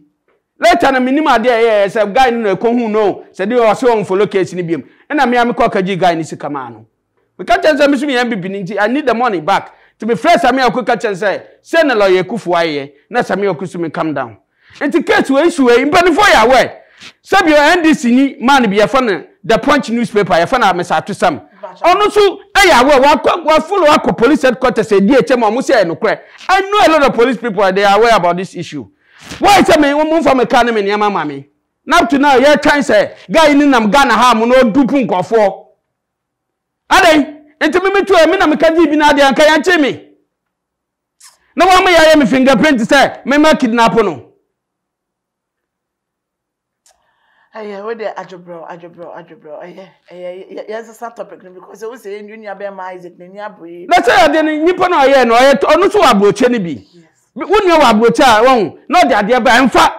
later na menim adeɛ ɛyɛ sɛ guy no na ɛkɔhu no sɛ deɛ ɔsɛ ɔmfolo case no biom ɛna mea mekɔ kagye guy no sika maa no meka kyɛn sɛ mesom yɛn bibini nti i need the money back nti mefrɛ same ako ka kyɛn sɛ sɛ na lɔyɛ kufoɔ ayɛ na same ako so me calm down nti case wei su wei mpanimfoɔ yɛ awɛ sɛbio ndc ni maa no bi yɛfa no the punch newspaper yɛfa no amesato sam ɔno nso ɛyɛ awɛ wakɔ wafolo akɔ police headquarters edi ekyɛ mu a ɔmo sɛ ɛnokorɛ i know a lot of police people they are aware about this issue why me mo mfa me ka ne me me na to now yɛtwɛn sɛ guy nam ghana ha mu na ɔdupu nkɔfoɔ adɛn nti me metu a me na meka gye bi no anka nche me na wɔn mo yɛayɛ me fingerprint say me ma kidnap no ɛyɛ wo de adwobrɛw adwobrɛw adwobrɛw ɛyɛ ɛyɛ yɛnsesa topic no because isaac na no no yes wonua wɔ aburokyi a wɔn na ɔde adeɛ ba mfa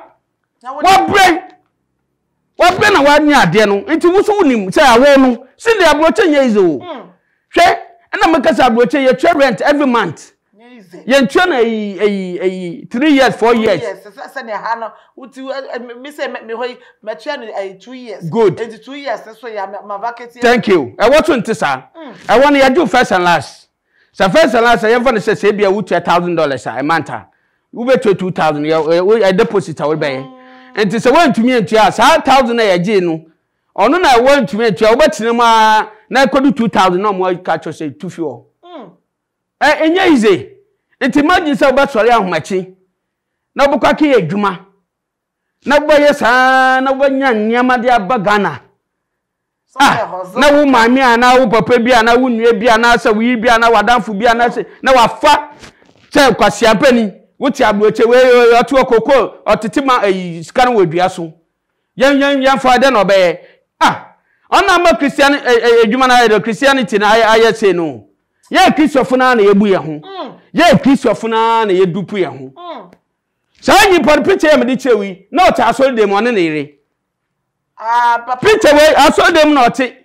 wɔbrɛ wɔbrɛ na wɔanya adeɛ no nti wusu wunim sɛ awo no si de aburokyi yɛ ize o hwɛ ɛna mɛka sɛ aburokyi yɛ twɛ rent every month yɛn twɛ na eyi eyi eyi three years four years. sɛ ha no wuti mi sɛ mi hɔ yi mɛ twɛ no two years. good eti two years nso yɛ ma vacate. thank you ɛwɔ tún ti sa ɛwɔ no yɛ do first and last sɛ fɛn sɛ lansa yɛmfa no sɛ sɛ ebi a wotua thousand dollars a ɛmanta wobɛtua two thousand yɛ deposit a wobɛyɛ nti sɛ wɔntumi ntua a saa thousand a yɛgye no ɔno na wɔntumi ntua wobɛtena mu a na ɛkɔdu two thousand na ɔmo ka kyerɛ sɛ tu fi hɔ hmm. ɛ ɛnyɛ yize nti mmadu sɛ wobɛsɔre ahomakye na wobɛkɔ akɛyɛ adwuma na wobɛyɛ saa na wobɛnya nneɛma de aba ghana Ah, na wo maame a na wo papa bi a na wo nua bi a na sɛ bi a na wadanfo bi a na sɛ na wafa sɛ kwasia pani wote abuokye wei ɔte okoko ɔtete ma ayi sika no wɔ dua so yɛn yɛn yɛn fa dɛ na ɔbɛyɛ ah ɔna ama kristiani edwuma e, na ayɛ dɛ kristianity na ayɛ ayɛ se no yɛ kristofo naa na yɛbu yɛn ho mm. yɛ kristofo naa na yɛdupu yɛn ho mm. saa nyimpa no pikya yɛ mɛ de kyerɛ wi na ɔte asɔre dɛm ɔne ne yere. peter wei asɔre mu na ɔte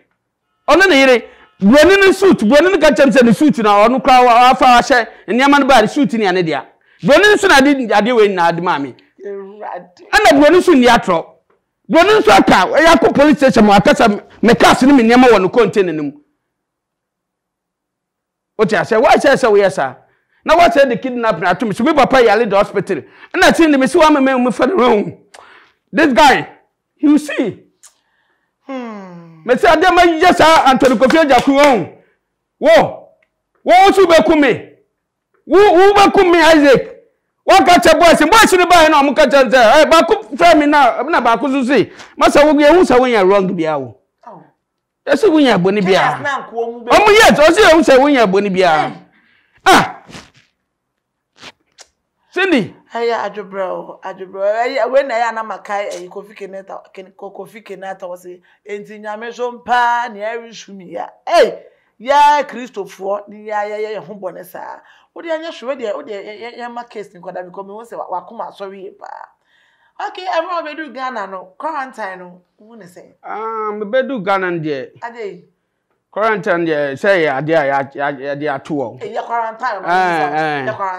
ɔne ne yere buroni ne suit buroni ne kakyɛm sɛ ne suit na ɔno kora wafa ahyɛ nneɛma baa ne suit ne ane buroni na adeɛ wei ɛna buroni nso atorɔ buroni nso police station mu akasa ne cars ne nneɛma wɔ ne container ne mu o ti ahyɛ sɛ saa na wɔahyɛ de kidnap na atum so papa yale de hospital ɛna ti ne mi si wɔn amema mu fɛ ne ho this mɛsɛ hmm. adeɛ ma yɛ saa antoni kofi agyakuo ɔn wo wɔn nso bɛku mi wo wo bɛku mi isaac wɔka kyɛ boys boys no baayɛ na ɔmo ka kyɛ sɛ ɛ baako fɛ mi na na baako so se masa wo ehu sɛ wonya wrong bia wo ɛsɛ oh. wonya abɔni bia ɔmo yɛ ɔsi ehu sɛ wonya boni bia hmm. ah. sini. Ayi adwobrɛw adwobrɛw ayi we na anamaka kofi kofi nyame so ya ɛy ya kristofoɔ ne yɛ ho saa wodi anya hwɛ wodi wodi yɛ ya ma case nkwadaa mi kɔ mi wɔn ghana no quarantine no ne ah, ghana quarantine ato ya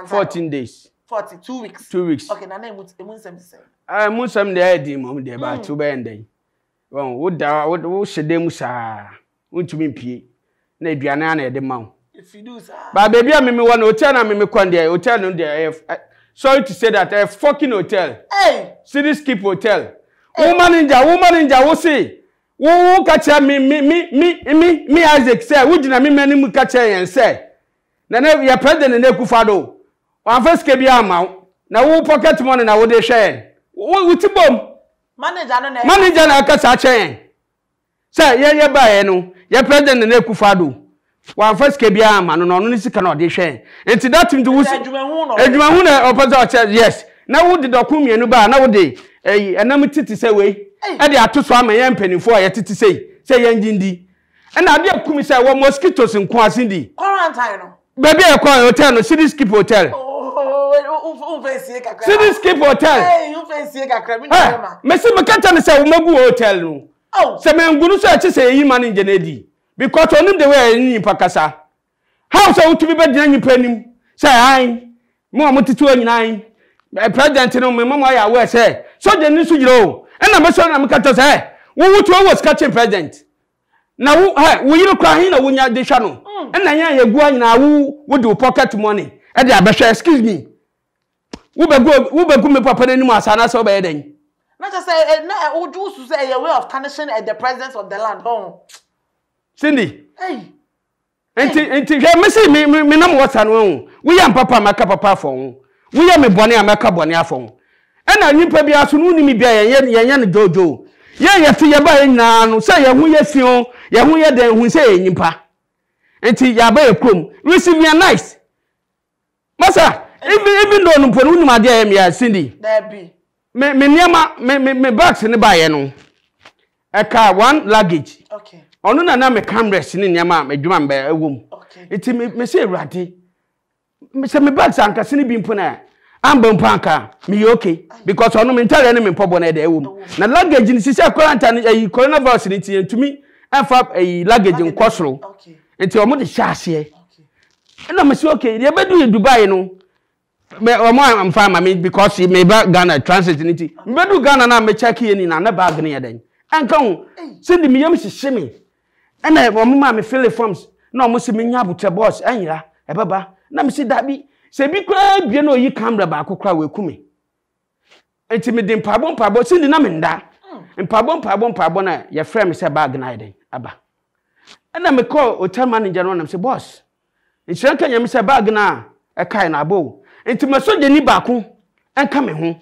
quarantine. Eh, forty two weeks. two weeks. okay nana emu emu nsɛm sɛ. Ah, emu nsɛm deɛ ɛyɛ den mu ɔmu deɛ baatu hmm. bɛyɛ ndɛn wɔn wo da wo wo hyɛ dan mu saa wontumi mpie na aduane ana yɛde ma wo. efidu saa. ba beebi a mimi wɔ no hotel na mimi kɔ deɛ hotel no deɛ ɛyɛ sorry to say that ɛyɛ fokin hotel. Hey. cityscape hotel. Hey. wo manager wo manager wo se wo wo kakyɛ mi mi mi mi mi mi isaac sɛ wo gyina mi mɛ ni mu kakyɛ yɛn sɛ na ne yɛ president ne kufa do wɔamfa sika bi ama wo na wo pocket money na wode hwɛ wo wo ti manager no na manager na aka sa kyɛn sɛ yɛ yɛ baeɛ no yɛ president na ekufa do wɔamfa sika bi ama no na ɔno ne sika na ɔde share? Enti that time to wo adwumahu na ɔpɛ sɛ ɔkyɛ yes na wo de dɔko mmienu baa na wo de ɛyi ɛnam tete sɛ wei ɛde ato so ama yɛn mpanimfoɔ a yɛtete sɛ se yɛn gyi ndi ɛna adeɛ kum sɛ wɔ mosquitoes nko ase quarantine no Baby, a yɛkɔ hotel no city skip hotel. Oh city skip hotel mesi mekata ne sɛ womagu hotel no oh. sɛ mengu no so akyi sɛ ɛyi ma no ngyɛ no adi because ɔnim de wɛ ɛne nyimpa kasa how sɛ wotumi bɛgyina nyimpa anim sɛ ae mo a motetewa nyinaa president no mema mo ayɛ aware sɛ sɔgya ni so gyina o ɛna mɛsɛ na mekata sɛ wowotoa wɔ sika kye president na wo hɛ wo yiri kura hin na wonya de hwa no ɛna mm. yɛn a yɛgua nyinaa wo wo de wo pocket money ɛde e abɛhwɛ excuse me wobɛgu me papa no anim asa anaasɛ wobɛyɛ dɛn na kyɛ sɛ eh, na eh, wodu wosu sɛ ɛyɛ way of tarnishing eh, the president of the land hɔ cindy nti nti hwɛ mese me nam wɔsa no ahu woyɛ mpapa a mɛka papa afɔ ho woyɛ me bɔne a mɛka bɔne afɔ ho ɛna nnipa bi aso no wonim bia yɛnyɛ no dwoodwoo yɛn yɛte yɛba yɛ nyinaa no sɛ yɛn ho yɛ fi o yɛn ho yɛ dɛn hu sɛ yɛ nyimpa nti yɛaba yɛ kurom receive your nice masa even though no ponu nim ade am ya Cindy there be me me niam me me, me bags ne ba ye no e ka one luggage okay ono na na me cameras ne niam a medwuma mbe ewom okay iti me me se urade me se me bags anka sene bi mpo na amba mpo anka me ye okay because ono me ntare ne me mpobo na de ewom na luggage ni sisi quarantine e coronavirus ni ti entumi afa e eh, luggage nkosoro okay nti omo de hyase e na me se okay ye bedu Dubai no wɔn a nfa ma mi because mi ba ghana transit ni ti mbedu ghana na mi check yie ni na ne baagi ni yɛ dɛ ɛnka ho sidi mi yam sisi mi ɛna e wɔn ma mi fill forms na wɔn si mi nya abutɛ bɔs ɛnyira e ɛbɛba e na mi si dabi sɛ ebi koraa ebien na oyi kamara baako koraa wɔ eku mi nti mi di mpaabɔ mpaabɔ sidi na mi nda mpaabɔ mm. mpaabɔ mpaabɔ na yɛfrɛ mi sɛ baagi na yɛ dɛ aba ɛna mi kɔ hotel manager na ɔnam sɛ bɔs nhyɛn kanyɛ mi sɛ baagi na ɛkae na abɔ o nti mɛ sogyani baako nka me ho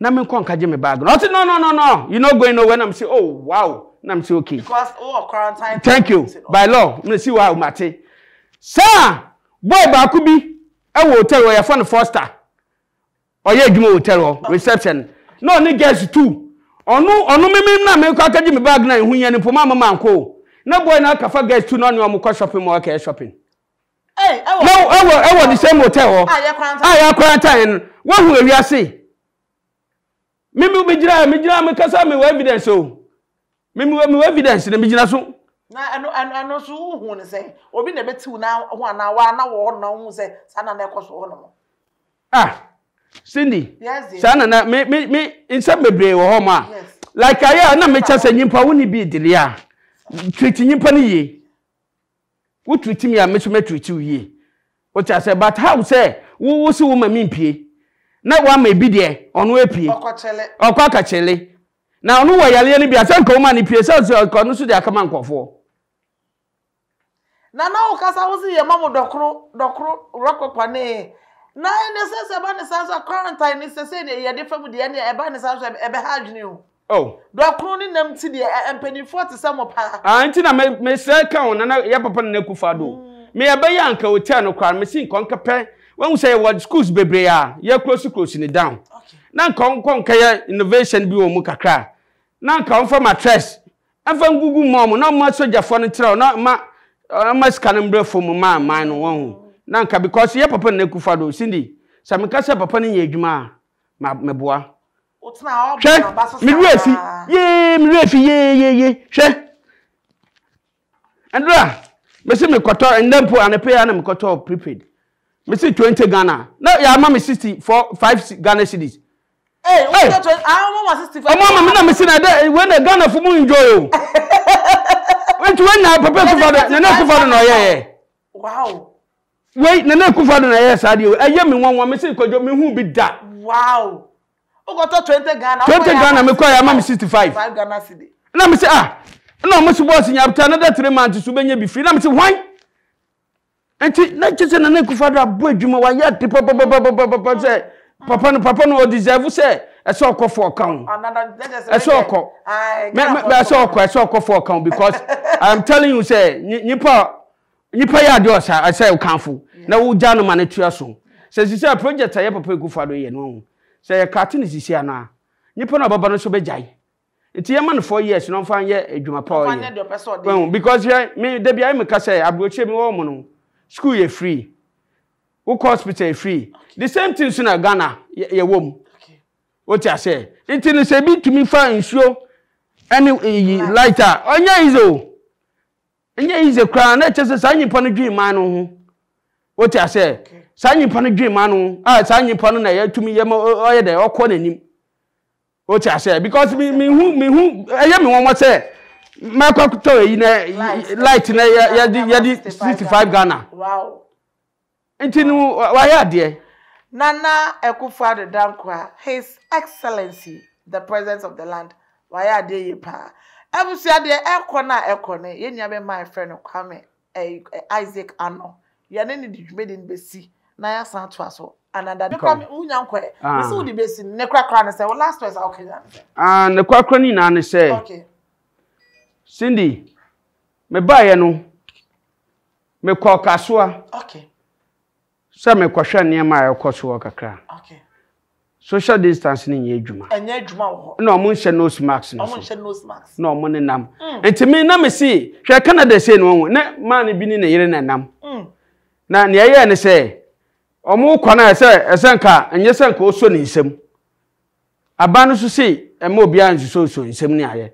na me nkɔ nkagye me baage na ɔte no no no no you no going nowhere na me say oh wow na me say okay because oh quarantine thank you by law me see wow mate saa boy baako bi ɛwɔ hotel wɔ yɛfɔ no foster ɔyɛ adwuma hotel hɔ reception na ɔne guest two ɔno ɔno mímí na mi kɔ akagye mi baage na ihu yɛn ni poma ama manko na boy na akafa guest two na ɔne ɔmo kɔ shopping mall kɛɛ shopping ɛwɔ ɛwɔ the same hotel hɔ a yɛ akɔranta yɛn no wɔhu ewiase mímu mi gyina mi gyina mi kasa mi wɔ evidence o mímu mi wɔ evidence na mi gyina so. na ɛno ɛno ɛno nso huhu ne sɛ obi na ebetiw na ho anawa na wɔ hɔ na ohun sɛ saa na na ɛkɔ so hɔ nom. ah cindy saa na na mi mi mi nsɛm bebree wɔ hɔ mu a like ayɛ a na mi kyɛ sɛ nyimpa wo ni bi deli a treat nyimpa ni yie wotiriti mi a me so matiriti wo yie wotia sɛ but how sɛ wo si wo ma mi mpie na wama ebi deɛ ɔno apie ɔkɔ akakyele na ɔno wɔ yaleɛ no bi asɛ nka wo ma ne pie sɛ ɔsɛ ɔkɔ no so de akama nkɔfoɔ na na wo kasa wo si yɛ ma mo dɔkoro dɔkoro rɔkɔkɔ ne na ɛnɛ sɛ sɛ ɛba ne saa so a quarantine ne sɛ sɛ yɛde fam deɛ ɛba ne saa so ɛbɛha adwene o Oh. Dɔkuru ni nam ti deɛ mpanyinfoɔ ti sɛ mo paa. Ah nti na mɛ mɛ sɛ ka o nana yɛ papa nana kufa do. Mɛ mm. yɛ bɛ yɛ anka o tɛ no kwan mɛ si nkɔ nkɛpɛ wɔn sɛ yɛ wɔ schools bebree a yɛ kurosi kurosi ni down. Na nka nkɔ nka yɛ innovation bi wɔ mu kakra. Na nka nfa ma tress. Nfa ngugu mɔɔ mu na ma sogyafoɔ no kyerɛ na ma ma sika no mbrɛ fam ma aman no wɔn ho. Na nka because yɛ papa nana kufa do Cindy sɛ mɛ kasa papa no yɛ adwuma a ma mɛ boa hwɛ miru efi yee miru efi yee yee yee hwɛ ndra mesi mi kɔtɔ ndempo anepe ya na mi kɔtɔ prepaid mesi twenty ghana na yà ama mi sixty four five ghana cedis. ee o ṣe twenty àwọn ọmọ wa sixty five. ọmọ ọmọ mi na mi si na dẹ ìwé na ghana fún mu njọ o wetu wei na papa kufa do nana kufa do na ɔyɛ yɛ. wow. wei nana kufa do na ɔyɛ saa deɛ o ɛyɛ mi nwanwa mesi kɔjɔ mi hu bi wow wokɔtɔ twenty ghana twenty ghana mekɔ yɛ ama me sixty five five ghana cedi na me sɛ ah na ɔmo si bɔɔsi nyabta na dɛ three months so bɛnyɛ bi firi na me sɛ wan nti na kye sɛ nana kufa do abo adwuma wayɛ ade papapapapapa sɛ papa no papa no ɔdeserve sɛ ɛsɛ ɔkɔ fɔ ɔkan ɛsɛ ɔkɔ ɛsɛ ɔkɔ ɛsɛ ɔkɔ fɔ ɔkan because i am telling you sɛ nipa nipa yɛ ade ɔsa ɛsɛ e ɔkanfo na wogya no ma ne tua so sɛ sisɛ project a yɛ papa egu fa do yɛ no ɔmo sɛ yɛ kaate ne sisi anaa nipa na ɔbɛba no nso bɛgyae nti yɛma no four years na ɔmfa nyɛ adwuma pa ɔyɛ because yɛ me da bi ayɛ meka sɛ aburokyire mi wɔwɔ mu no school yɛ free wokɔ hospital yɛ free the same thing so na ghana yɛwɔ mu wote asɛ nti no sɛ bi tumi fa nsuo ɛne eyi e, lighter? a ɔnyɛ easy o ɛnyɛ easy koraa na ɛkyɛ sɛ saa nyimpa no dwi mmaa no ho wote asɛ. Okay. saa nyimpa no dwe ma no a saa nyimpa no na yɛatumi yɛ ma ɔyɛ dɛ ɔkɔ n'anim wote aseɛ because mehu mehu ɛyɛ me wɔmmɔ sɛ mɛkɔtɔ ayi na light na yɛde yɛde sixty five ghana nti no wayɛ adeɛ nana ɛkofo Adedankwa, his excellency the president of the land wayɛ adeɛ yie paa abusua deɛ ɛkɔ no a ɛkɔ no yɛn nua bɛ maa no kwame isaac ano yɛne ne dwumadi no bɛsi na ya san to aso anada me kwa unya nkwa e so wo di besi ne kwa kwa ne se wo last words okay na ah ne kwa ni na ne se okay cindy me ba ye no me kwa kasoa okay sɛ mekɔhwɛ nneɛma a ɛkɔ so wɔ kakra okay. social distance ni nyɛ adwuma ɛnyɛ adwuma wɔ hɔ na ɔmo nose mask no so ɔmo nhyɛ nose mask na ɔmo nenam mm. nti me na me si hwɛ canada sei no ɔmo ne ma no bi ne ne yere nenam mm. na nea ɛyɛ ne sɛ ọmụ kwana a ɛsɛ nka ɛnyɛ sɛ nka ɔsɔ aban so si ɛma obiara nso nsɔ nsam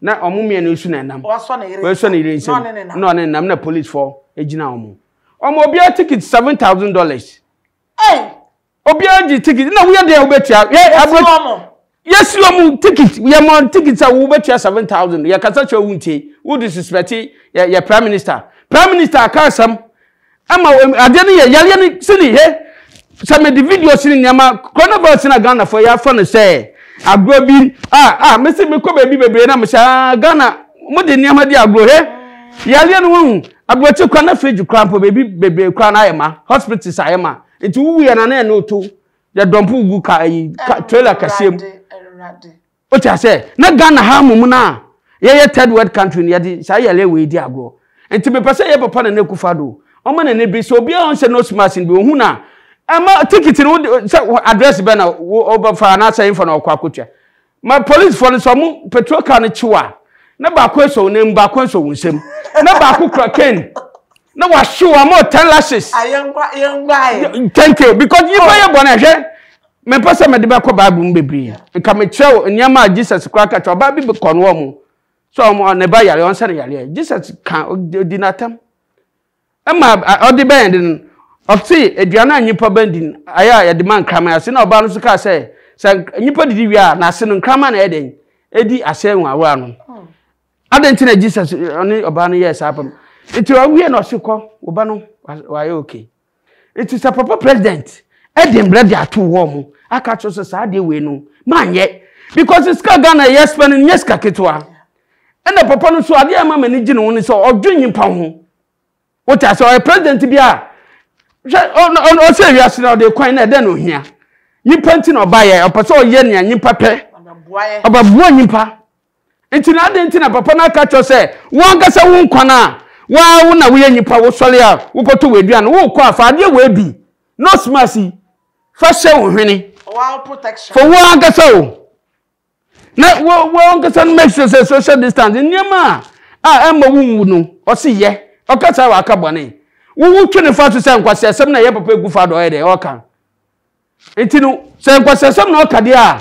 na ọmụ mmienu nso na ɛnam wɔsɔ ne na ɔne nam na ọmụ egyina ticket seven thousand dollars obiara gye ticket na woyɛ deɛ wobɛtua yɛ aburo yɛsi wɔn ticket ticket a seven thousand kasa kyerɛ wɔn tie wɔde suspect ya ya prime minister prime minister aka ama um, adeɛ no yɛ yareɛ no si he sɛ mede video si ne nneɛma coronavirus na ghanafoɔ yɛafa no sɛ agorɔ bi a a mesi mekɔ baabi bebree na mehyɛ ghana mode nneɛma de agorɔ he yareɛ no wohu aburokyi kora na fridge kora mpo baabi bebree kora na ma hospitals ayɛ ma nti wowuyɛ na na yɛ no yɛdɔmpo gu ka trailer kɛseɛ mu wote asɛ na ghana ha mu mu no a yɛyɛ third world country no yɛde saa yɛlɛ wei di agorɔ nti mepɛ sɛ yɛ papa na ne kufa do ɔma na n'ebi sɛ obi a ɔnhyɛ nose mask bi ohun na ɛma tikiti no sɛ address bɛ na ɔbɛfa anaasɛ nfa na ɔkɔ akotua ma police no sɛ ɔmo petrol car no kyiw a na baako esɔ wɔn anim baako esɔ wɔn nsam ne baako kura cane na wahyew ɔmo ten lashes. ayɛnkwa yɛnkwa yɛ. thank you because nipa yɛ bɔ na ɛhwɛ mepɛ sɛ mede bɛkɔ bible mu bebree nka mekyerɛ wo nneɛma a jesus kora ka kyɛ ɔbaa bi kɔ no wɔ mu sɛ ɔmo ne ba yare ɔnsɛ no yareɛ jesus ka ɔdi n'atam ma ɔde bɛn de no ɔte aduane a nnipa bɛn di ayɛ a yɛde ma nkraman ase na ɔbaa no nso kaa sɛ sɛ nnipa didi wie a n'ase no nkraman na ɛdɛn edi ahyɛ nwawa no oh. adan ti na jesus ɔne ɔbaa no yɛɛ saa apam nti ɔwie na ɔsi kɔ ɔba no wayɛ oke nti sɛ papa president ɛde mbrɛ de ato wɔn mo aka kyerɛ so saa adeɛ wei no maa nyɛ because sika ghana yɛ spɛn no nyɛ sika ketewa ɛna papa no so adeɛ a ma ma ni gye ne ho ɔdwe nyimpa ho. wote asɛ ɔyɛ president bi a hwɛ ɔsɛ wiase na ɔde kwan na ɛdɛ no ohia nyimpa nti na ɔbaeɛ ɔpɛ sɛ ɔyɛ nea nyimpa pɛ ɔbɛboa nyimpa nti na ade nti na papa no aka kyerɛ sɛ wɔnkasa wo nkwan a na woyɛ nyimpa wosɔre a wokɔtɔ w'adua no wokɔ a fa adeɛ wɔadu nurse mask yi fa hyɛ wo hwene fo wo ankasa o na wo ankasa ɔkasa wɔ aka bɔne wowu twe ne fa so sɛ nkwasiasɛm na ɛyɛ papa egu fa do ɔyɛ deɛ ɔka nti no sɛ nkwasiasɛm na ɔka deɛ a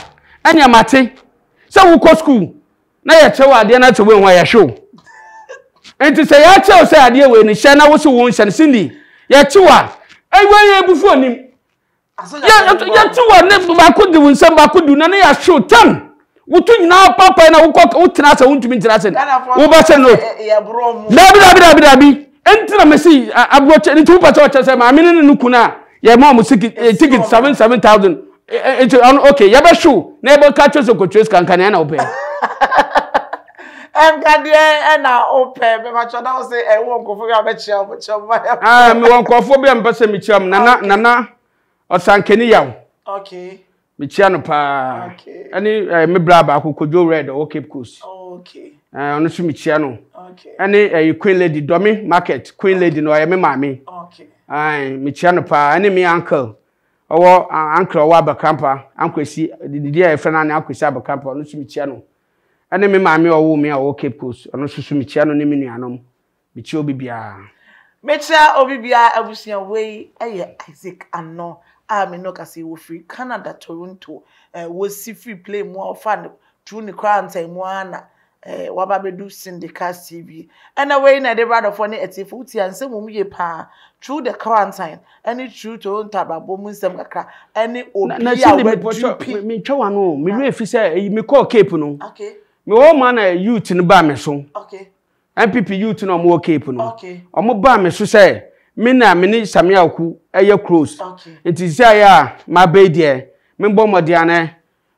ɛnyɛ mate sɛ wokɔ sukuu na yɛkyerɛ wɔ adeɛ na kyerɛ wɔn wɔn yɛhyew nti sɛ yɛakyerɛ sɛ adeɛ wɔ ani hyɛ na wosi wɔn hyɛ no sindi yɛkye wɔ a ɛwɔ yɛ ebufu onim yɛkye wɔ ne baako di wɔn nsam baako di wɔn na ne yɛhyew tam wotu nyinaa papa na wokɔ wotena sɛ wontumi ntena sɛ wobɛhyɛ no eh, eh, eh, dabi dabi dabi dabi ɛnti na mesi aborɔkyɛ nti wopɛ sɛ ɔkyɛ sɛ maame ne ne no kun a yɛma ɔmo ticket seven seven thousand nti ɔno ok yɛbɛhyew na yɛbɛka kyerɛ sɛ kɔtwerɛ sika nkanea na wopɛ nkadeɛ ɛna wopɛ bɛmatwɛ na wo sɛ ɛwɔ nkɔfoɔ bi a bɛkyia wo kyɛ mma mewɔ nkɔfoɔ bi a mpɛ sɛ mekyia m nana nana ɔsankani yaw okay mekyia no paa ɛne ɛɛ eh, me bra baako kojo red ɔwɔ cape coast ɛɛ eh, ɔno nso mekyia no ɛne ɛyɛ eh, queen lady dɔmi market queen lady no ɔyɛ me maame ɛɛ mekyia no paa ɛne me uncle ɔwɔ uncle ɔwɔ abakampa uncle esi didi a yɛfrɛ n'ani uncle si abakampa ɔno nso mekyia no ɛne me maame ɔwɔ mi a ɔwɔ cape coast ɔno nso so mekyia no ne me nuanom mekyia obi biara. mekyia obi biara abusua wei ɛyɛ isaac anɔ a me no kasa wɔfiri canada toronto eh, wɔsi free play mu a ɔfa no tru ne koraa ntɛmu ara na eh, waba bɛdu syndicast tv ɛna wei na ɛde bradɔfoɔ ne ɛtifo wotia nsɛm mu yie paa through the quarantine ɛne through toronto abrabɔ mu nsɛm kakra ɛne obi a wɔadu pi metwa wa no medu ɛfi sɛ ɛyi mekɔɔ cape no mewɔ ma na youth no baa me so npp youth no ɔmowɔ cape no ɔmo baa me so sɛ me na me ne samia oku ɛyɛ close nti sɛ ayɛ a mabɛi deɛ membɔ mmɔdeɛ ne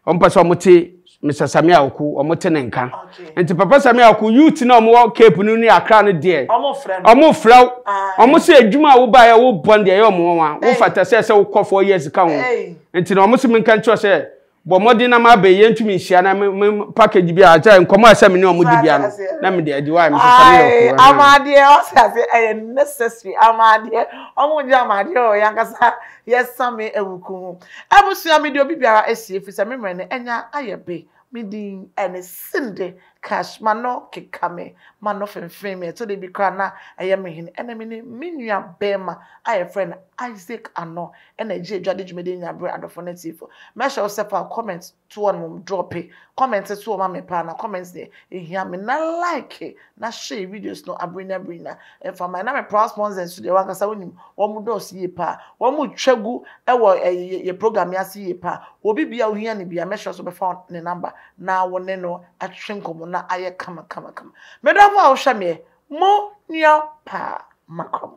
ɔmpɛ sɛ ɔmote mr samia oku ɔmote ne nka nti papa samia oku youth na ɔmowɔ cape no ne akra no deɛ ɔmofrɛ wo ɔmo sɛ adwuma a wobaeɛ wobɔn deɛ ɛyɛ ɔmowawa wofata sɛ sɛ wokɔ foɔ years ka ho nti na ɔmo so menka nkyerɛ sɛ bɔ mmɔden na maa bɛyɛ ntumi nhyia na me package bi a kyerɛ nkɔmɔ a oh, sɛ eh, eh, me na me de adi wa me sisa ne yɛ kura. amadeɛ ɔsi ase ɛyɛ necessary amadeɛ ɔmo gye obi biara esi efisɛ mi ɛnya ayɛ be mi sinde cash ma no keka me ma no fɛnfɛn mi ɛtɔ de bi kora na ɛyɛ mi hene ɛna mi ne mi nua bɛrima a yɛ fɛ no isaac ano ɛna gye adwade dwumadi nyabere adɔfo ne ti fo mɛhyɛ sɛ pa comment toɔ no drop comment toɔ ma mi paa na comment deɛ ehia mi na like na share videos no abirina abirina ɛfa ma ɛna mi proud sponsors deɛ wankasa wɔn nim wɔn mu dɔɔso yie paa wɔn mu twɛ gu ɛwɔ ɛyɛ yɛ program yɛ ase yie paa obi bia ohia ne bia mɛhyɛ so bɛfa ne number na wɔne no atwe nkɔmɔ na ayɛ kama kama a wohwɛ meɛ mo nua paa makɔm